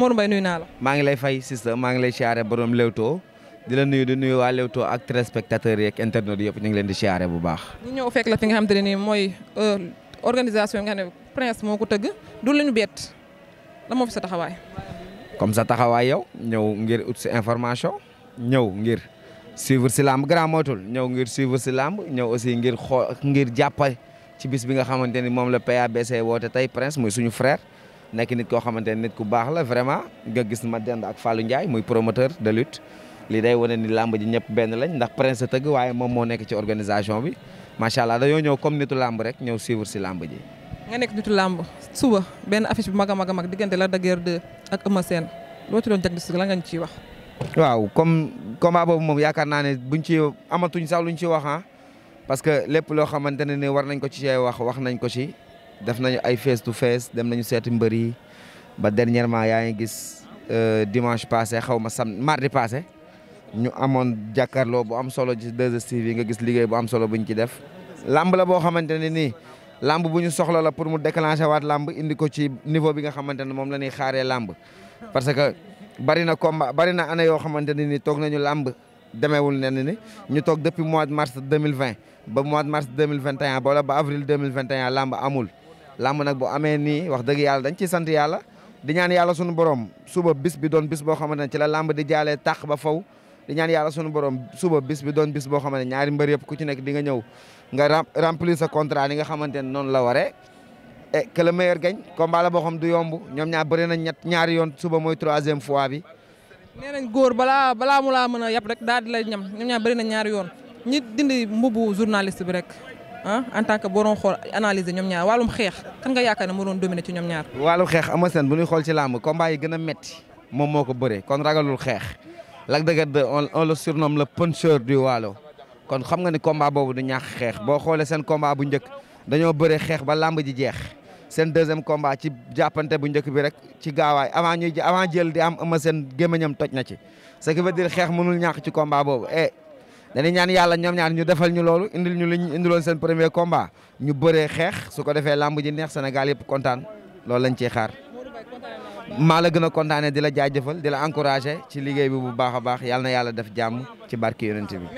Modou Mbaye nuyu naa la. maa ngi lay fay sister maa ngi lay siyaare borom Leewtoo di la nuyu di nuyu waa Leewtoo ak téléspectateurs yeeg internautes yëpp ñu ngi leen di aare bu baax. ñu ñëw fekk la fi nga xamante ne nii euh, organisation nga xam moo ko tëgg du lu ñu bett la moo fi sa taxawaay. comme sa taxawaay yow ñëw ngir ut si information ñëw ngir suivre si ñëw ngir suivre si ñëw aussi ngir xoo ngir jàppa ci bis bi nga xamante ni moom la PABC woote tey Prince mooy suñu frère. nekk nit koo xamante ne nit ku baax la vraiment nga gis ma dend ak Fallou Ndiaye muy promoteur de lutte li day wane ni làmb ji ñëpp benn lañ ndax prince tëgg waaye moom moo nekk ci organisation bi macha allah dañoo ñëw comme nitu lamb rek ñëw suivre si làmb ji. nga nekk nitu lamb suba benn affiche bu mag a mag a mag diggante la Daguerre 2 ak Eumeu Sène loo ci doon jagleel la nga ñu ciy wax. waaw comme combat boobu moom yaakaar naa ne buñ ci amatuñ sax luñ ci wax ah parce que lépp loo xamante ne ni war nañ ko ci wax wax nañ ko ci. def nañu ay face to face dem nañu seeti mbëri yi ba dernièrement yaa ngi gis euh, dimanche passé xaw ma sam mardi passé ñu amoon jàkkaarloo bu am solo ci 2STV yi nga gis liggéey bu am solo buñ ci def. làmb la boo xamante ne nii làmb bu ñu soxla la pour mu déclencher waat làmb indi ko ci niveau bi nga xamante ne moom la ñuy xaare lamb parce que bari na combat bari na année yoo xamante ne nii toog nañu làmb. demeewul nen ni ñu toog depuis mois de mars deux mille vingt ba mois ba avril deux mille vingt et un amul làmb nag bu amee nii wax dëgg yàlla dañ ciy sant yàlla di ñaan yàlla sunu borom suba bis bi doon bis boo xamante ne ci la làmb di jaalee tàq ba faw di ñaan yàlla sunu borom suba bis bi doon bis boo xamante ne ñaari mbër yëpp ku ci nekk di nga ñëw nga remplir sa contrat yi nga xamante ne noonu la waree et que le meilleur gagne combat boo xam du yomb ñoom ñaar bëri nañ ñett ñaari yoon suba mooy troisième fois bi nee góor balaa balaa mu laa mën a yàpp rek daal di la ñam ñoom ñaar bëri nañ ñaari yoon ñi dindi mbubu journaliste bi rek ah en tant que borom xool analyser ñoom ñaar wàllum xeex kan nga yaakaar ne moo doon dominer ci ñoom ñaar. wàllum xeex Eumeu Sène bu ñuy xool ci làmb combat yi gën a métti moom moo ko bëree kon ragalul xeex Lac de Guiers on on le surnomme du Waalo kon xam nga ni combat boobu du ñàkk xeex boo xoolee seen combat bu njëkk dañoo bëree xeex ba làmb ji jeex seen deuxième combat ci jàppante bu njëkk bi rek ci gaawaay avant ñuy avant jël di am ama seen gémmiñam toj na ci dañuy ñaan yàlla ñoom ñaan ñu defal ñu loolu indil ñu liñ indiloon seen premier combat ñu bëree xeex su ko defee làmb ji neex Sénégal yëpp kontaan loolu lañ ciy xaar. maa la gën a kontaanee di la jaajëfal di la encouragé ci liggéey bi bu baax a baax yàlla na yàlla def jàmm ci barke yonent bi.